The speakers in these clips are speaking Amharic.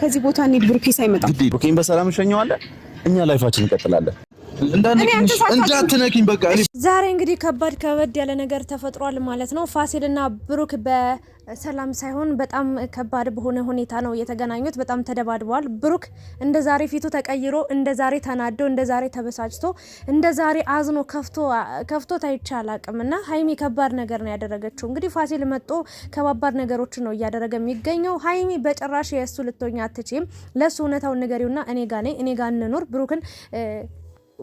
ከዚህ ቦታ እንሂድ። ብሩኬ ሳይመጣ ብሩኬን በሰላም እንሸኘዋለን። እኛ ላይፋችን እንቀጥላለን። እንዳትነኪኝ በቃ። ዛሬ እንግዲህ ከባድ ከበድ ያለ ነገር ተፈጥሯል ማለት ነው። ፋሲልና ብሩክ በሰላም ሳይሆን በጣም ከባድ በሆነ ሁኔታ ነው የተገናኙት። በጣም ተደባድበዋል። ብሩክ እንደ ዛሬ ፊቱ ተቀይሮ፣ እንደ ዛሬ ተናዶ፣ እንደ ዛሬ ተበሳጭቶ፣ እንደ ዛሬ አዝኖ ከፍቶት አይቼ አላቅም እና ሀይሚ ከባድ ነገር ነው ያደረገችው። እንግዲህ ፋሲል መጦ ከባባድ ነገሮችን ነው እያደረገ የሚገኘው። ሀይሚ በጭራሽ የእሱ ልትሆኝ አትችም። ለእሱ እውነታውን ንገሪውና እኔ ጋ እኔ ጋ እንኑር ብሩክን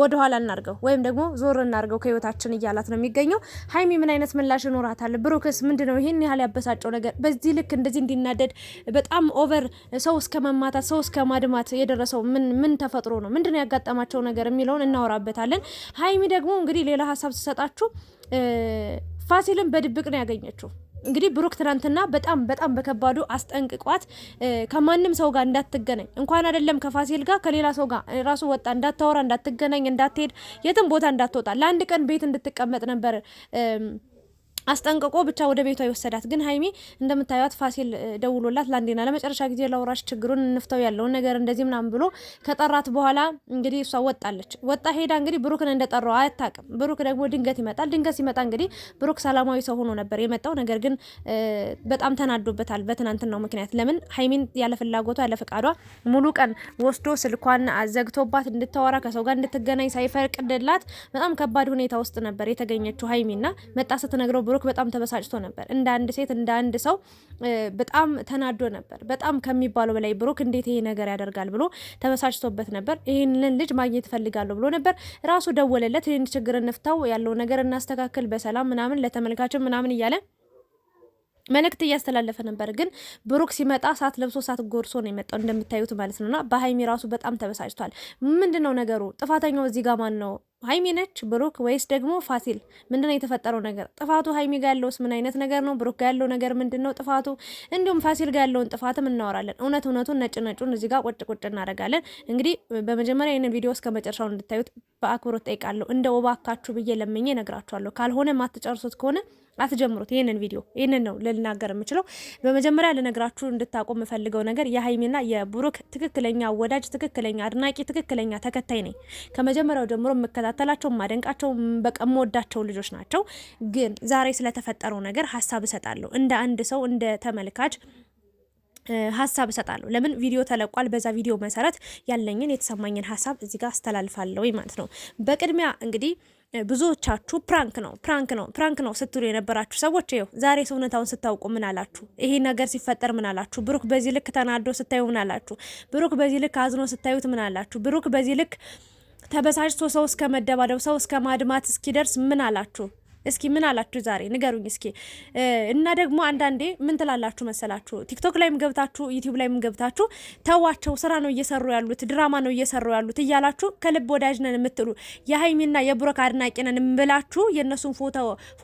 ወደኋላ እናርገው ወይም ደግሞ ዞር እናርገው ከህይወታችን እያላት ነው የሚገኘው። ሀይሚ ምን አይነት ምላሽ ይኖራታል? ብሩክስ ምንድነው ይህን ያህል ያበሳጨው ነገር? በዚህ ልክ እንደዚህ እንዲናደድ በጣም ኦቨር ሰው እስከ መማታት ሰው እስከ ማድማት የደረሰው ምን ምን ተፈጥሮ ነው? ምንድነው ያጋጠማቸው ነገር የሚለውን እናወራበታለን። ሀይሚ ደግሞ እንግዲህ ሌላ ሀሳብ ስሰጣችሁ ፋሲልን በድብቅ ነው ያገኘችው። እንግዲህ ብሩክ ትናንትና በጣም በጣም በከባዱ አስጠንቅቋት ከማንም ሰው ጋር እንዳትገናኝ እንኳን አይደለም ከፋሲል ጋር ከሌላ ሰው ጋር ራሱ ወጣ እንዳታወራ፣ እንዳትገናኝ፣ እንዳትሄድ፣ የትም ቦታ እንዳትወጣ ለአንድ ቀን ቤት እንድትቀመጥ ነበር አስጠንቅቆ ብቻ ወደ ቤቷ ይወሰዳት ግን ሀይሚ እንደምታዩት ፋሲል ደውሎላት ለአንዴና ለመጨረሻ ጊዜ ለውራሽ ችግሩን እንፍተው ያለውን ነገር እንደዚህ ምናምን ብሎ ከጠራት በኋላ እንግዲህ እሷ ወጣለች። ወጣ ሄዳ እንግዲህ ብሩክን እንደጠራው አያታቅም። ብሩክ ደግሞ ድንገት ይመጣል። ድንገት ሲመጣ እንግዲህ ብሩክ ሰላማዊ ሰው ሆኖ ነበር የመጣው። ነገር ግን በጣም ተናዶበታል በትናንትናው ምክንያት። ለምን ሀይሚን ያለ ፍላጎቷ ያለ ፈቃዷ ሙሉ ቀን ወስዶ ስልኳን አዘግቶባት እንድታወራ ከሰው ጋር እንድትገናኝ ሳይፈቅድላት በጣም ከባድ ሁኔታ ውስጥ ነበር የተገኘችው ሀይሚና መጣ ስትነግረው ብሩክ በጣም ተበሳጭቶ ነበር። እንደ አንድ ሴት እንደ አንድ ሰው በጣም ተናዶ ነበር። በጣም ከሚባለው በላይ ብሩክ እንዴት ይሄ ነገር ያደርጋል ብሎ ተበሳጭቶበት ነበር። ይህንን ልጅ ማግኘት እፈልጋለሁ ብሎ ነበር። ራሱ ደወለለት። ይህን ችግር እንፍታው፣ ያለው ነገር እናስተካክል፣ በሰላም ምናምን ለተመልካችን ምናምን እያለ መልእክት እያስተላለፈ ነበር። ግን ብሩክ ሲመጣ ሳት ለብሶ ሳት ጎርሶ ነው የመጣው እንደምታዩት ማለት ነውና በሀይሚ ራሱ በጣም ተበሳጭቷል። ምንድን ነው ነገሩ? ጥፋተኛው እዚህ ጋር ማን ነው? ሀይሚ ነች ብሩክ ወይስ ደግሞ ፋሲል? ምንድነው የተፈጠረው ነገር? ጥፋቱ ሀይሚ ጋ ያለውስ ምን አይነት ነገር ነው? ብሩክ ጋ ያለው ነገር ምንድን ነው ጥፋቱ? እንዲሁም ፋሲል ጋ ያለውን ጥፋትም እናወራለን። እውነት እውነቱን ነጭ ነጩን እዚህ ጋር ቁጭ ቁጭ እናደርጋለን። እንግዲህ በመጀመሪያ ይህንን ቪዲዮ እስከ መጨረሻው እንድታዩት በአክብሮት ጠይቃለሁ። እንደ ወባካችሁ ብዬ ለምኜ ነግራችኋለሁ። ካልሆነ ማትጨርሱት ከሆነ አትጀምሩት። ይህንን ቪዲዮ ይህንን ነው ልናገር የምችለው። በመጀመሪያ ልነግራችሁ እንድታቆ የምፈልገው ነገር የሀይሚና የብሩክ ትክክለኛ ወዳጅ፣ ትክክለኛ አድናቂ፣ ትክክለኛ ተከታይ ነኝ። ከመጀመሪያው ጀምሮ የምከታተላቸው ማደንቃቸው፣ በቃ የምወዳቸው ልጆች ናቸው። ግን ዛሬ ስለተፈጠረው ነገር ሀሳብ እሰጣለሁ እንደ አንድ ሰው እንደ ተመልካች ሀሳብ እሰጣለሁ። ለምን ቪዲዮ ተለቋል። በዛ ቪዲዮ መሰረት ያለኝን የተሰማኝን ሀሳብ እዚህ ጋር አስተላልፋለሁ ማለት ነው። በቅድሚያ እንግዲህ ብዙዎቻችሁ ፕራንክ ነው ፕራንክ ነው ፕራንክ ነው ስትሉ የነበራችሁ ሰዎች ይኸው ዛሬ እውነታውን ስታውቁ ምን አላችሁ? ይሄ ነገር ሲፈጠር ምን አላችሁ? ብሩክ በዚህ ልክ ተናዶ ስታዩ ምን አላችሁ? ብሩክ በዚህ ልክ አዝኖ ስታዩት ምን አላችሁ? ብሩክ በዚህ ልክ ተበሳጭቶ ሰው እስከ መደባደብ ሰው እስከ ማድማት እስኪደርስ ምን አላችሁ? እስኪ ምን አላችሁ ዛሬ ንገሩኝ እስኪ። እና ደግሞ አንዳንዴ ምን ትላላችሁ መሰላችሁ ቲክቶክ ላይም ገብታችሁ ዩቲዩብ ላይም ገብታችሁ ተዋቸው፣ ስራ ነው እየሰሩ ያሉት፣ ድራማ ነው እየሰሩ ያሉት እያላችሁ ከልብ ወዳጅ ነን የምትሉ የሀይሚና የብሩክ አድናቂ ነን ብላችሁ የእነሱን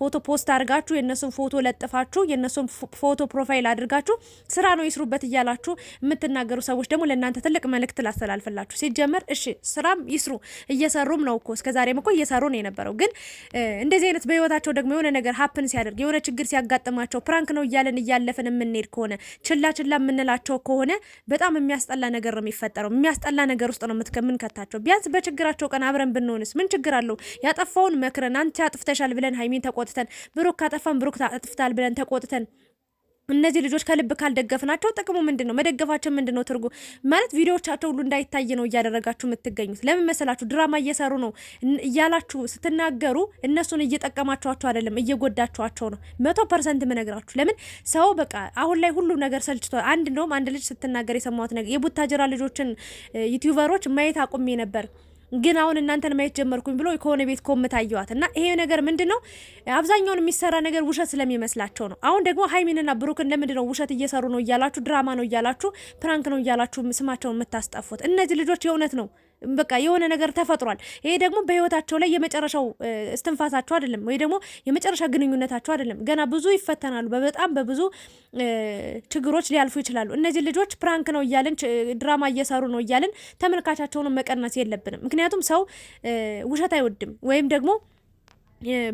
ፎቶ ፖስት አድርጋችሁ የእነሱን ፎቶ ለጥፋችሁ የእነሱን ፎቶ ፕሮፋይል አድርጋችሁ ስራ ነው ይስሩበት እያላችሁ የምትናገሩ ሰዎች ደግሞ ለእናንተ ትልቅ መልእክት ላስተላልፍላችሁ። ሲጀመር እሺ ስራም ይስሩ እየሰሩም ነው እኮ እስከዛሬም እኮ እየሰሩ ነው የነበረው። ግን እንደዚህ አይነት በህይወት ህይወታቸው ደግሞ የሆነ ነገር ሀፕን ሲያደርግ የሆነ ችግር ሲያጋጥማቸው ፕራንክ ነው እያለን እያለፍን የምንሄድ ከሆነ ችላ ችላ የምንላቸው ከሆነ በጣም የሚያስጠላ ነገር ነው የሚፈጠረው። የሚያስጠላ ነገር ውስጥ ነው የምንከታቸው። ቢያንስ በችግራቸው ቀን አብረን ብንሆንስ ምን ችግር አለው? ያጠፋውን መክረን አንተ አጥፍተሻል ብለን ሀይሚን ተቆጥተን ብሩክ ካጠፋን ብሩክ አጥፍታል ብለን ተቆጥተን እነዚህ ልጆች ከልብ ካልደገፍናቸው ጥቅሙ ምንድን ነው? መደገፋቸው ምንድን ነው ትርጉ ማለት ቪዲዮዎቻቸው ሁሉ እንዳይታይ ነው እያደረጋችሁ የምትገኙት። ለምን መሰላችሁ? ድራማ እየሰሩ ነው እያላችሁ ስትናገሩ እነሱን እየጠቀማችኋቸው አይደለም፣ እየጎዳችኋቸው ነው። መቶ ፐርሰንት የምነግራችሁ ለምን ሰው በቃ አሁን ላይ ሁሉ ነገር ሰልችቷል። አንድ እንደውም አንድ ልጅ ስትናገር የሰማሁት ነገር የቡታጀራ ልጆችን ዩቲዩበሮች ማየት አቁሜ ነበር ግን አሁን እናንተን ማየት ጀመርኩኝ ብሎ ከሆነ ቤት ኮምታ አየዋት እና ይሄ ነገር ምንድን ነው? አብዛኛውን የሚሰራ ነገር ውሸት ስለሚመስላቸው ነው። አሁን ደግሞ ሀይሚንና ብሩክን ለምንድን ነው ውሸት እየሰሩ ነው እያላችሁ፣ ድራማ ነው እያላችሁ፣ ፕራንክ ነው እያላችሁ ስማቸውን የምታስጠፉት? እነዚህ ልጆች የእውነት ነው በቃ የሆነ ነገር ተፈጥሯል። ይሄ ደግሞ በህይወታቸው ላይ የመጨረሻው እስትንፋሳቸው አይደለም፣ ወይ ደግሞ የመጨረሻ ግንኙነታቸው አይደለም። ገና ብዙ ይፈተናሉ። በጣም በብዙ ችግሮች ሊያልፉ ይችላሉ። እነዚህ ልጆች ፕራንክ ነው እያልን ድራማ እየሰሩ ነው እያልን ተመልካቻቸውን መቀነስ የለብንም። ምክንያቱም ሰው ውሸት አይወድም ወይም ደግሞ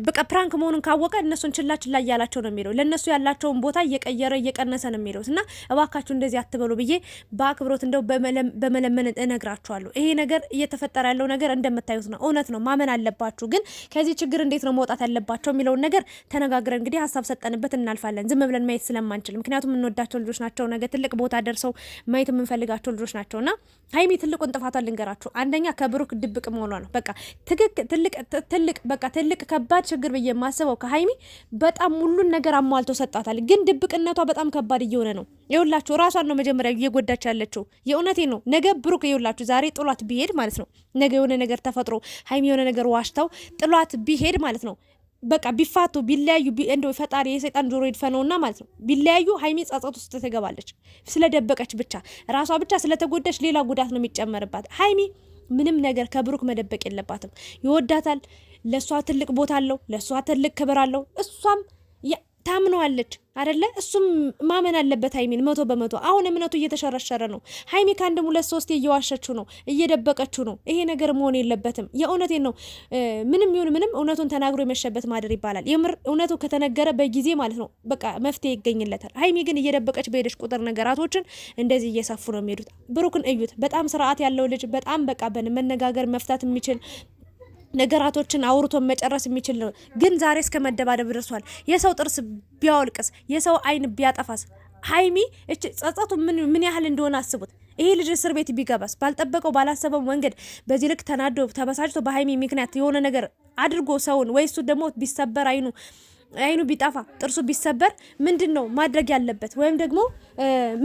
በቃ ፕራንክ መሆኑን ካወቀ እነሱን ችላ ችላ እያላቸው ነው የሚለው ለእነሱ ያላቸውን ቦታ እየቀየረ እየቀነሰ ነው የሚለው እና እባካችሁ እንደዚህ አትበሉ ብዬ በአክብሮት እንደው በመለመን እነግራችኋለሁ። ይሄ ነገር እየተፈጠረ ያለው ነገር እንደምታዩት ነው። እውነት ነው፣ ማመን አለባችሁ። ግን ከዚህ ችግር እንዴት ነው መውጣት ያለባቸው የሚለውን ነገር ተነጋግረን እንግዲህ ሀሳብ ሰጠንበት እናልፋለን። ዝም ብለን ማየት ስለማንችል፣ ምክንያቱም የምንወዳቸው ልጆች ናቸው። ነገ ትልቅ ቦታ ደርሰው ማየት የምንፈልጋቸው ልጆች ናቸው እና ሀይሚ ትልቁን ጥፋቷን ልንገራችሁ። አንደኛ ከብሩክ ድብቅ መሆኗ ነው። በቃ ትልቅ በቃ ትልቅ ከባድ ችግር ብዬ የማስበው ከሀይሚ በጣም ሁሉን ነገር አሟልቶ ሰጣታል። ግን ድብቅነቷ በጣም ከባድ እየሆነ ነው። ይኸውላችሁ ራሷን ነው መጀመሪያ እየጎዳች ያለችው። የእውነቴ ነው። ነገ ብሩክ ይኸውላችሁ ዛሬ ጥሏት ቢሄድ ማለት ነው፣ ነገ የሆነ ነገር ተፈጥሮ ሀይሚ የሆነ ነገር ዋሽታው ጥሏት ቢሄድ ማለት ነው በቃ ቢፋቱ ቢለያዩ እንደው ፈጣሪ የሰይጣን ጆሮ ይድፈ ነውና ማለት ነው። ቢለያዩ ሀይሚ ጸጸት ውስጥ ትገባለች፣ ስለደበቀች ብቻ ራሷ ብቻ ስለተጎዳች ሌላ ጉዳት ነው የሚጨመርባት። ሀይሚ ምንም ነገር ከብሩክ መደበቅ የለባትም። ይወዳታል ለእሷ ትልቅ ቦታ አለው፣ ለእሷ ትልቅ ክብር አለው። እሷም ታምነዋለች አደለ? እሱም ማመን አለበት ሀይሚን መቶ በመቶ። አሁን እምነቱ እየተሸረሸረ ነው። ሀይሚ ከአንድም ሁለት ሶስቴ እየዋሸችው ነው፣ እየደበቀችው ነው። ይሄ ነገር መሆን የለበትም። የእውነቴን ነው። ምንም ይሁን ምንም እውነቱን ተናግሮ የመሸበት ማደር ይባላል። የምር እውነቱ ከተነገረ በጊዜ ማለት ነው በቃ መፍትሄ ይገኝለታል። ሀይሚ ግን እየደበቀች በሄደች ቁጥር ነገራቶችን እንደዚህ እየሰፉ ነው የሚሄዱት። ብሩክን እዩት። በጣም ስርዓት ያለው ልጅ በጣም በቃ በን መነጋገር መፍታት የሚችል ነገራቶችን አውርቶ መጨረስ የሚችል ነው። ግን ዛሬ እስከ መደባደብ ደርሷል። የሰው ጥርስ ቢያወልቅስ፣ የሰው አይን ቢያጠፋስ፣ ሀይሚ እች ጸጸቱ ምን ያህል እንደሆነ አስቡት። ይሄ ልጅ እስር ቤት ቢገባስ፣ ባልጠበቀው ባላሰበው መንገድ በዚህ ልክ ተናዶ ተበሳጭቶ በሀይሚ ምክንያት የሆነ ነገር አድርጎ ሰውን ወይ እሱ ደግሞ ቢሰበር አይኑ አይኑ ቢጠፋ ጥርሱ ቢሰበር ምንድን ነው ማድረግ ያለበት? ወይም ደግሞ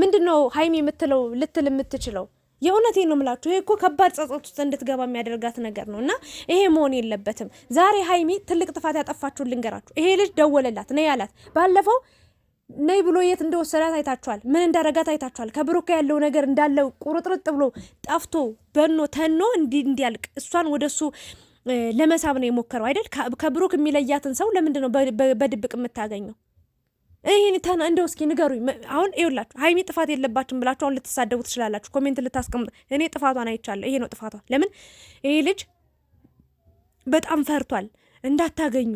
ምንድን ነው ሀይሚ የምትለው ልትል የምትችለው የእውነቴ ነው የምላችሁ። ይሄ እኮ ከባድ ጸጸት ውስጥ እንድትገባ የሚያደርጋት ነገር ነው እና ይሄ መሆን የለበትም። ዛሬ ሀይሚ ትልቅ ጥፋት ያጠፋችሁን ልንገራችሁ። ይሄ ልጅ ደወለላት ነይ ያላት ባለፈው ነይ ብሎ የት እንደወሰዳት አይታችኋል። ምን እንዳረጋት አይታችኋል። ከብሩክ ያለው ነገር እንዳለው ቁርጥርጥ ብሎ ጠፍቶ በኖ ተኖ እንዲያልቅ እሷን ወደ እሱ ለመሳብ ነው የሞከረው አይደል? ከብሩክ የሚለያትን ሰው ለምንድን ነው በድብቅ የምታገኘው? ይህን ተና እንደው እስኪ ንገሩኝ። አሁን ይውላችሁ ሀይሚ ጥፋት የለባችም ብላችሁ አሁን ልትሳደቡ ትችላላችሁ፣ ኮሜንት ልታስቀምጡ። እኔ ጥፋቷን አይቻለሁ። ይሄ ነው ጥፋቷ። ለምን ይሄ ልጅ በጣም ፈርቷል። እንዳታገኙ፣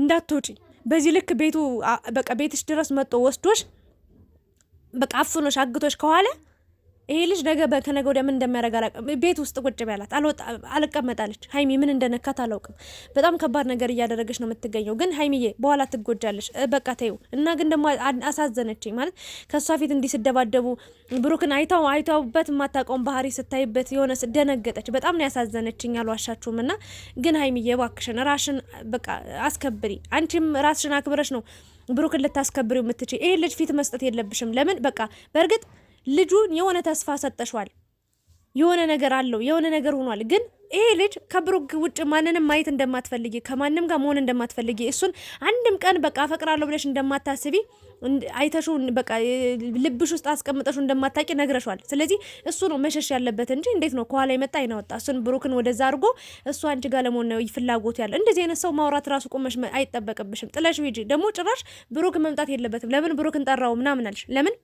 እንዳትወጪ በዚህ ልክ ቤቱ በቃ ቤትሽ ድረስ መጥቶ ወስዶሽ በቃ አፍኖሽ አግቶሽ ከኋላ ይሄ ልጅ ነገ ከነገ ወዲያ ምን እንደሚያደርግ አላውቅም። ቤት ውስጥ ቁጭ ቢያላት አልቀመጣለች። ሀይሚ ምን እንደነካት አላውቅም። በጣም ከባድ ነገር እያደረገች ነው የምትገኘው። ግን ሀይሚዬ በኋላ ትጎጃለች። በቃ ተዩ እና ግን ደግሞ አሳዘነችኝ ማለት ከእሷ ፊት እንዲህ ስደባደቡ ብሩክን አይታው አይታውበት የማታውቀውን ባህሪ ስታይበት የሆነ ደነገጠች። በጣም ነው ያሳዘነችኝ። አልዋሻችሁም። እና ግን ሀይሚዬ እባክሽን ራሽን በቃ አስከብሪ። አንቺም ራስሽን አክብረሽ ነው ብሩክን ልታስከብሪው የምትችይ። ይሄ ልጅ ፊት መስጠት የለብሽም። ለምን በቃ በእርግጥ ልጁን የሆነ ተስፋ ሰጠሽዋል። የሆነ ነገር አለው፣ የሆነ ነገር ሆኗል። ግን ይሄ ልጅ ከብሩክ ውጭ ማንንም ማየት እንደማትፈልጊ፣ ከማንም ጋር መሆን እንደማትፈልጊ፣ እሱን አንድም ቀን በቃ አፈቅራለሁ ብለሽ እንደማታስቢ አይተሹ በቃ ልብሽ ውስጥ አስቀምጠሹ እንደማታቂ ነግረሻል። ስለዚህ እሱ ነው መሸሽ ያለበት እንጂ እንዴት ነው ከኋላ የመጣ አይናወጣ እሱን ብሩክን ወደዛ አድርጎ እሱ አንቺ ጋር ለመሆን ነው ፍላጎቱ ያለ። እንደዚህ አይነት ሰው ማውራት ራሱ ቁመሽ አይጠበቅብሽም። ጥለሽ ሂጂ። ደግሞ ጭራሽ ብሩክ መምጣት የለበትም። ለምን ብሩክን ጠራው ምናምን አልሽ? ለምን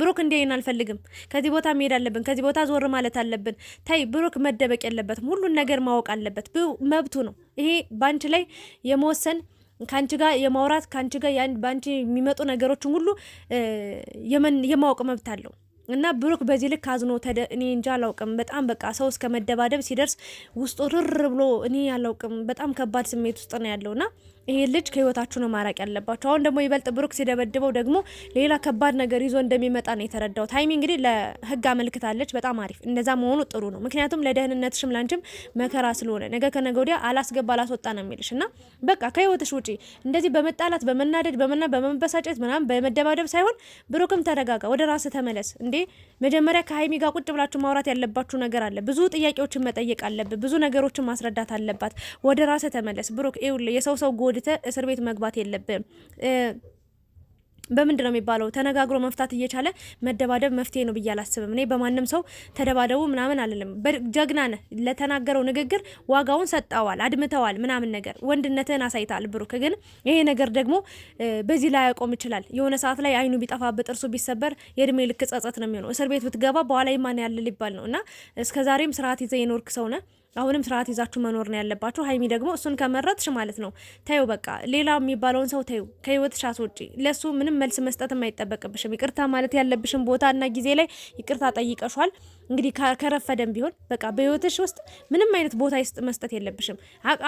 ብሩክ እንዲያይን አልፈልግም። ከዚህ ቦታ መሄድ አለብን። ከዚህ ቦታ ዞር ማለት አለብን። ታይ ብሩክ መደበቅ የለበትም። ሁሉን ነገር ማወቅ አለበት። መብቱ ነው። ይሄ በአንቺ ላይ የመወሰን ከአንቺ ጋር የማውራት ከአንቺ ጋር በአንቺ የሚመጡ ነገሮችን ሁሉ የማወቅ መብት አለው። እና ብሩክ በዚህ ልክ አዝኖ ተደ እኔ እንጃ አላውቅም። በጣም በቃ ሰው እስከ መደባደብ ሲደርስ ውስጡ ርር ብሎ እኔ አላውቅም። በጣም ከባድ ስሜት ውስጥ ነው ያለው ና ይሄ ልጅ ከህይወታችሁ ነው ማራቅ ያለባቸው። አሁን ደግሞ ይበልጥ ብሩክ ሲደበድበው ደግሞ ሌላ ከባድ ነገር ይዞ እንደሚመጣ ነው የተረዳው። ታይሚ እንግዲህ ለህግ አመልክታለች። በጣም አሪፍ፣ እንደዛ መሆኑ ጥሩ ነው። ምክንያቱም ለደህንነትሽም ላንቺም መከራ ስለሆነ ነገ ከነገ ወዲያ አላስገባ አላስወጣ ነው የሚልሽ እና በቃ ከህይወትሽ ውጪ እንደዚህ በመጣላት በመናደድ በመና በመበሳጨት ምናምን በመደባደብ ሳይሆን ብሩክም ተረጋጋ፣ ወደ ራስ ተመለስ። እንዴ መጀመሪያ ከሀይሚ ጋር ቁጭ ብላችሁ ማውራት ያለባችሁ ነገር አለ። ብዙ ጥያቄዎችን መጠየቅ አለብህ። ብዙ ነገሮችን ማስረዳት አለባት። ወደ ራስህ ተመለስ ብሩክ። ይኸውልህ የሰው ሰው ጎድተ እስር ቤት መግባት የለብህም። በምንድን ነው የሚባለው? ተነጋግሮ መፍታት እየቻለ መደባደብ መፍትሄ ነው ብዬ አላስብም። እኔ በማንም ሰው ተደባደቡ ምናምን አልልም። ጀግና ነህ፣ ለተናገረው ንግግር ዋጋውን ሰጠዋል፣ አድምተዋል፣ ምናምን ነገር ወንድነትህን አሳይታል። ብሩክ ግን ይሄ ነገር ደግሞ በዚህ ላይ ያቆም ይችላል። የሆነ ሰዓት ላይ አይኑ ቢጠፋበት ጥርሱ ቢሰበር የእድሜ ልክ ጸጸት ነው የሚሆነው። እስር ቤት ብትገባ በኋላ ይማን ያለ ሊባል ነው እና እስከዛሬም ስርዓት ይዘ የኖርክ ሰው ነህ አሁንም ስርዓት ይዛችሁ መኖር ነው ያለባችሁ። ሀይሚ ደግሞ እሱን ከመረጥሽ ማለት ነው ተይው፣ በቃ ሌላ የሚባለውን ሰው ተይው፣ ከህይወትሽ አስወጪ። ለሱ ምንም መልስ መስጠት አይጠበቅብሽም። ይቅርታ ማለት ያለብሽን ቦታ እና ጊዜ ላይ ይቅርታ ጠይቀሿል። እንግዲህ ከረፈደም ቢሆን በቃ በህይወትሽ ውስጥ ምንም አይነት ቦታ ይስጥ መስጠት የለብሽም።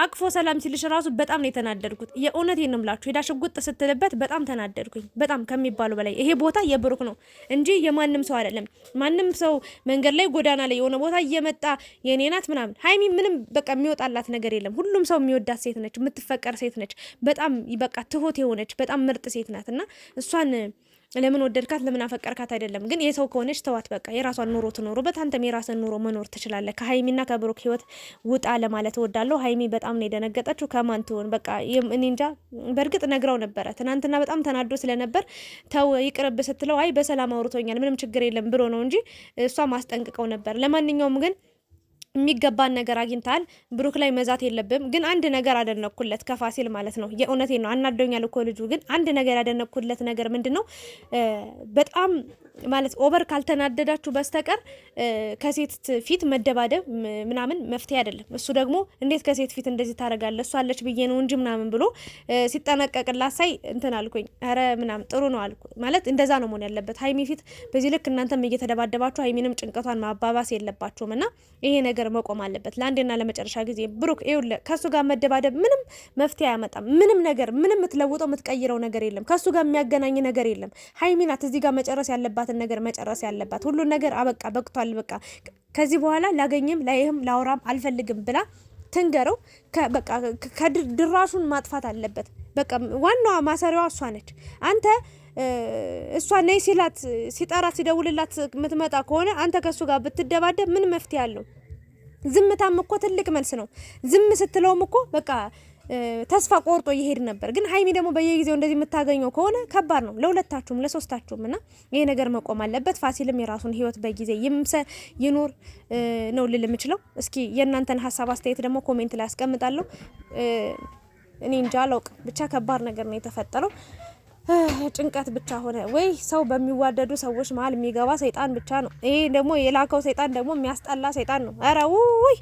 አቅፎ ሰላም ሲልሽ ራሱ በጣም ነው የተናደድኩት። የእውነቴን ነው የምላችሁ። ሄዳ ሽጉጥ ስትልበት በጣም ተናደድኩኝ። በጣም ከሚባሉ በላይ ይሄ ቦታ የብሩክ ነው እንጂ የማንም ሰው አይደለም። ማንም ሰው መንገድ ላይ ጎዳና ላይ የሆነ ቦታ እየመጣ የኔ ናት ምናምን ሀይሚ ምንም በቃ የሚወጣላት ነገር የለም። ሁሉም ሰው የሚወዳት ሴት ነች፣ የምትፈቀር ሴት ነች። በጣም በቃ ትሁት የሆነች በጣም ምርጥ ሴት ናት እና እሷን ለምን ወደድካት ለምን አፈቀርካት አይደለም። ግን የሰው ከሆነች ተዋት፣ በቃ የራሷን ኑሮ ትኖሩበት። አንተም የራስን ኑሮ መኖር ትችላለህ። ከሀይሚና ከብሩክ ህይወት ውጣ ለማለት ወዳለሁ። ሀይሚ በጣም ነው የደነገጠችው። ከማን ትሆን በቃ እኔ እንጃ። በእርግጥ ነግረው ነበረ ትናንትና፣ በጣም ተናዶ ስለነበር ተው ይቅርብ ስትለው አይ በሰላም አውርቶኛል ምንም ችግር የለም ብሎ ነው እንጂ እሷ ማስጠንቅቀው ነበር። ለማንኛውም ግን የሚገባን ነገር አግኝታል። ብሩክ ላይ መዛት የለብም። ግን አንድ ነገር አደነኩለት ከፋሲል ማለት ነው። የእውነቴ ነው፣ አናዶኛል እኮ ልጁ። ግን አንድ ነገር ያደነኩለት ነገር ምንድን ነው? በጣም ማለት ኦቨር ካልተናደዳችሁ በስተቀር ከሴት ፊት መደባደብ ምናምን መፍትሄ አይደለም። እሱ ደግሞ እንዴት ከሴት ፊት እንደዚህ ታደርጋለህ? እሱ አለች ብዬ ነው እንጂ ምናምን ብሎ ሲጠነቀቅላት ሳይ እንትን አልኩኝ። ኧረ ምናምን ጥሩ ነው አልኩ። ማለት እንደዛ ነው መሆን ያለበት ሀይሚ ፊት በዚህ ልክ እናንተም እየተደባደባችሁ ሀይሚንም ጭንቀቷን ማባባስ የለባችሁም እና ይሄ ነገር ነገር መቆም አለበት ለአንዴና ለመጨረሻ ጊዜ። ብሩክ ይውለ ከእሱ ጋር መደባደብ ምንም መፍትሄ አያመጣም። ምንም ነገር ምንም የምትለውጠው የምትቀይረው ነገር የለም። ከእሱ ጋር የሚያገናኝ ነገር የለም። ሀይሚናት እዚህ ጋር መጨረስ ያለባትን ነገር መጨረስ ያለባት። ሁሉን ነገር አበቃ፣ በቅቷል፣ በቃ ከዚህ በኋላ ላገኝም ላይህም ላውራም አልፈልግም ብላ ትንገረው። በቃ ከድራሹን ማጥፋት አለበት። በቃ ዋናዋ ማሰሪያዋ እሷ ነች። አንተ እሷ ነይ ሲላት ሲጠራት ሲደውልላት የምትመጣ ከሆነ አንተ ከእሱ ጋር ብትደባደብ ምን መፍትሄ አለው? ዝምታም እኮ ትልቅ መልስ ነው። ዝም ስትለውም እኮ በቃ ተስፋ ቆርጦ እየሄድ ነበር። ግን ሀይሚ ደግሞ በየጊዜው እንደዚህ የምታገኘው ከሆነ ከባድ ነው ለሁለታችሁም ለሶስታችሁም። እና ይሄ ነገር መቆም አለበት። ፋሲልም የራሱን ህይወት በጊዜ ይምሰ ይኑር ነው ልል የምችለው። እስኪ የእናንተን ሀሳብ አስተያየት ደግሞ ኮሜንት ላይ አስቀምጣለሁ። እኔ እንጃ አላውቅም፣ ብቻ ከባድ ነገር ነው የተፈጠረው። ጭንቀት ብቻ ሆነ ወይ? ሰው በሚዋደዱ ሰዎች መሀል የሚገባ ሰይጣን ብቻ ነው። ይሄ ደግሞ የላከው ሰይጣን ደግሞ የሚያስጠላ ሰይጣን ነው። አረ ውይ